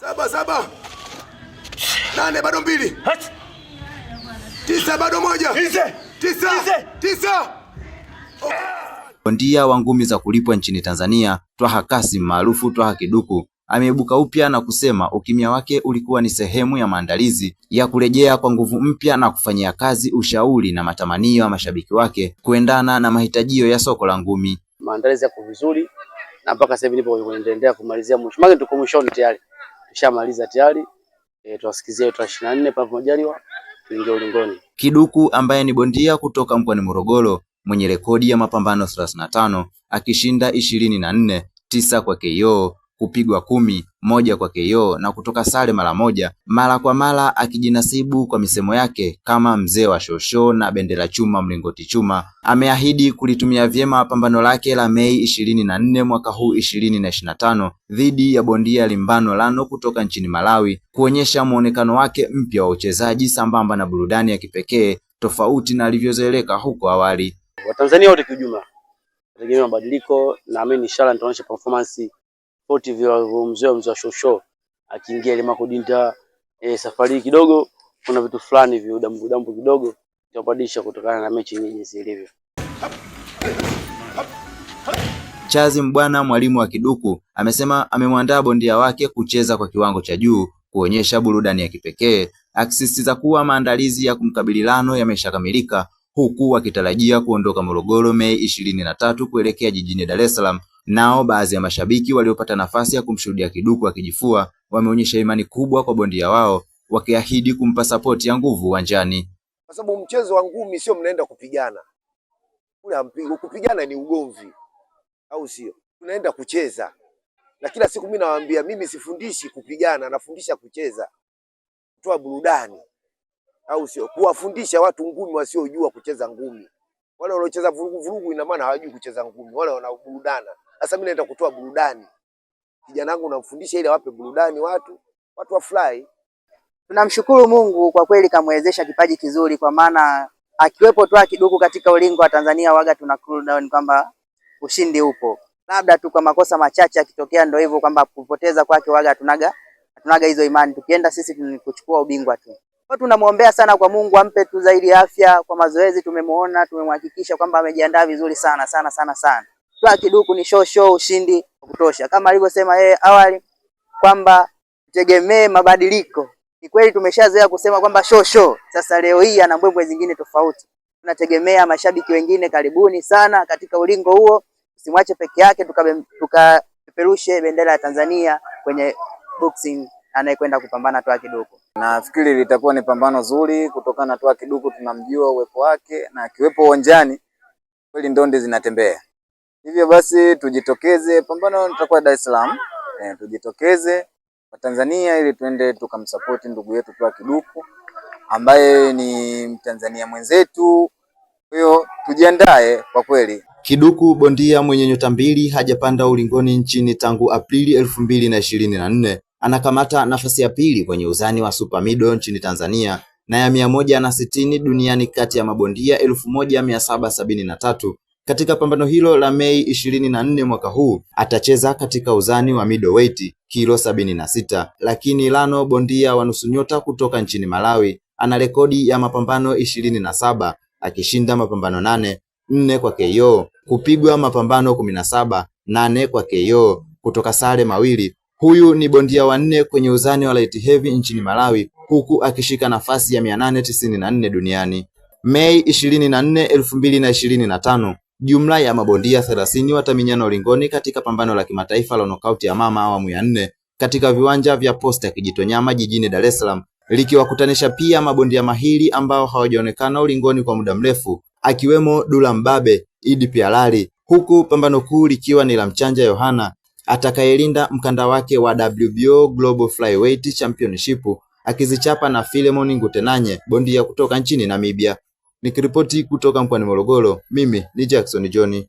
Saba saba. Nane bado mbili. Tisa bado moja. Tisa. Tisa. Tisa. Bondia wa ngumi za kulipwa nchini Tanzania, Twaha Kasim maarufu Twaha Kiduku ameibuka upya na kusema ukimya wake ulikuwa ni sehemu ya maandalizi ya kurejea kwa nguvu mpya na kufanyia kazi ushauri na matamanio ya mashabiki wake kuendana na mahitajio ya soko la ngumi. Maandalizi yako vizuri na mpaka sasa hivi nipo kuendelea kumalizia mwisho. Maana tuko mwishoni tayari ishamaliza tayari. E, tuwasikizia tarehe ishirini na nne majaliwa tuingie ulingoni. Kiduku ambaye ni bondia kutoka mkoani Morogoro mwenye rekodi ya mapambano 35 tano akishinda ishirini na nne tisa kwa KO kupigwa kumi moja kwa KO na kutoka sare mara moja, mara kwa mara akijinasibu kwa misemo yake kama mzee wa shosho na bendera chuma mlingoti chuma. Ameahidi kulitumia vyema pambano lake la Mei ishirini na nne mwaka huu ishirini na na tano dhidi ya bondia Limbano Lano kutoka nchini Malawi kuonyesha muonekano wake mpya wa uchezaji sambamba na burudani ya kipekee tofauti na alivyozoeleka huko awali. Watanzania wote kiujumla tegemea mabadiliko, naamini inshallah nitaonyesha performance vipoti vya mzee mzee shosho akiingia ile makudinta e, safari kidogo kuna vitu fulani vya udambu udambu kidogo itapandisha kutokana na mechi nyingi zilivyo. Chazi Mbwana, mwalimu wa Kiduku, amesema amemwandaa bondia wake kucheza kwa kiwango cha juu kuonyesha burudani ya kipekee, akisisitiza kuwa maandalizi ya kumkabili Lano yameshakamilika huku wakitarajia kuondoka Morogoro Mei ishirini na tatu kuelekea jijini Dar es Salaam Nao baadhi ya mashabiki waliopata nafasi ya kumshuhudia Kiduku akijifua wameonyesha imani kubwa kwa bondia wao, wakiahidi kumpa sapoti ya nguvu uwanjani, kwa sababu mchezo wa ngumi sio mnaenda kupigana kule, ampigo kupigana ni ugomvi, au sio? Tunaenda kucheza, na kila siku mimi nawaambia, mimi sifundishi kupigana, nafundisha kucheza, kutoa burudani, au sio? Kuwafundisha watu ngumi wasiojua kucheza ngumi. Wale wanaocheza vurugu vurugu, ina maana hawajui kucheza ngumi, wale wanaburudana sasa mimi naenda kutoa burudani, kijana wangu namfundisha ili awape burudani watu, watu wafurahi. Tunamshukuru Mungu kwa kweli, kamwezesha kipaji kizuri, kwa maana akiwepo tu kiduku katika ulingo wa Tanzania waga tuna cool down kwamba ushindi upo, labda tu kwa makosa machache akitokea, ndio hivyo kwamba kupoteza kwake waga tunaga tunaga hizo imani, tukienda sisi tunikuchukua ubingwa tu. Kwa tunamwombea sana kwa Mungu ampe tu zaidi afya. Kwa mazoezi tumemuona, tumemhakikisha kwamba amejiandaa vizuri sana sana sana sana. Lucky kiduku ni show show, ushindi wa kutosha, kama alivyosema yeye awali kwamba tegemee mabadiliko. Ni kweli tumeshazoea kusema kwamba show show, sasa leo hii ana mbwembwe zingine tofauti. Tunategemea mashabiki wengine, karibuni sana katika ulingo huo, usimwache peke yake, tukapeperushe tuka bendera ya Tanzania kwenye boxing anayekwenda kupambana Lucky Dube. Nafikiri litakuwa ni pambano zuri kutokana na Lucky tunamjua uwepo wake na akiwepo uwanjani kweli ndondi zinatembea. Hivyo basi tujitokeze, pambano nitakuwa Dar es Salaam. E, tujitokeze kwa Tanzania ili tuende tukamsapoti ndugu yetu kwa Kiduku ambaye ni Mtanzania mwenzetu. Kwa hiyo tujiandae kwa kweli. Kiduku bondia mwenye nyota mbili hajapanda ulingoni nchini tangu Aprili elfu mbili na ishirini na nne. Anakamata nafasi ya pili kwenye uzani wa super middle nchini Tanzania na ya mia moja na sitini duniani kati ya mabondia elfu moja mia saba sabini na tatu katika pambano hilo la Mei 24 mwaka huu atacheza katika uzani wa middleweight kilo 76, lakini Lano bondia wa nusu nyota kutoka nchini Malawi ana rekodi ya mapambano 27 akishinda mapambano nane, nne kwa KO, kupigwa mapambano 17, nane kwa KO, kutoka sare mawili. Huyu ni bondia wa nne kwenye uzani wa light heavy nchini Malawi huku akishika nafasi ya 894 duniani. Mei 24, 2025 Jumla ya mabondia thelathini watamenyana ulingoni katika pambano la kimataifa la nokauti ya mama awamu ya nne katika viwanja vya Posta Kijitonyama jijini Dar es Salaam, likiwakutanisha pia mabondia mahiri ambao hawajaonekana ulingoni kwa muda mrefu, akiwemo Dula Mbabe, Idi Pialali, huku pambano kuu likiwa ni la Mchanja Yohana atakayelinda mkanda wake wa WBO Global Flyweight Championship akizichapa na Philemon Ngutenanye bondia kutoka nchini Namibia. Nikiripoti kutoka mkoani Morogoro, mimi ni Jackson John.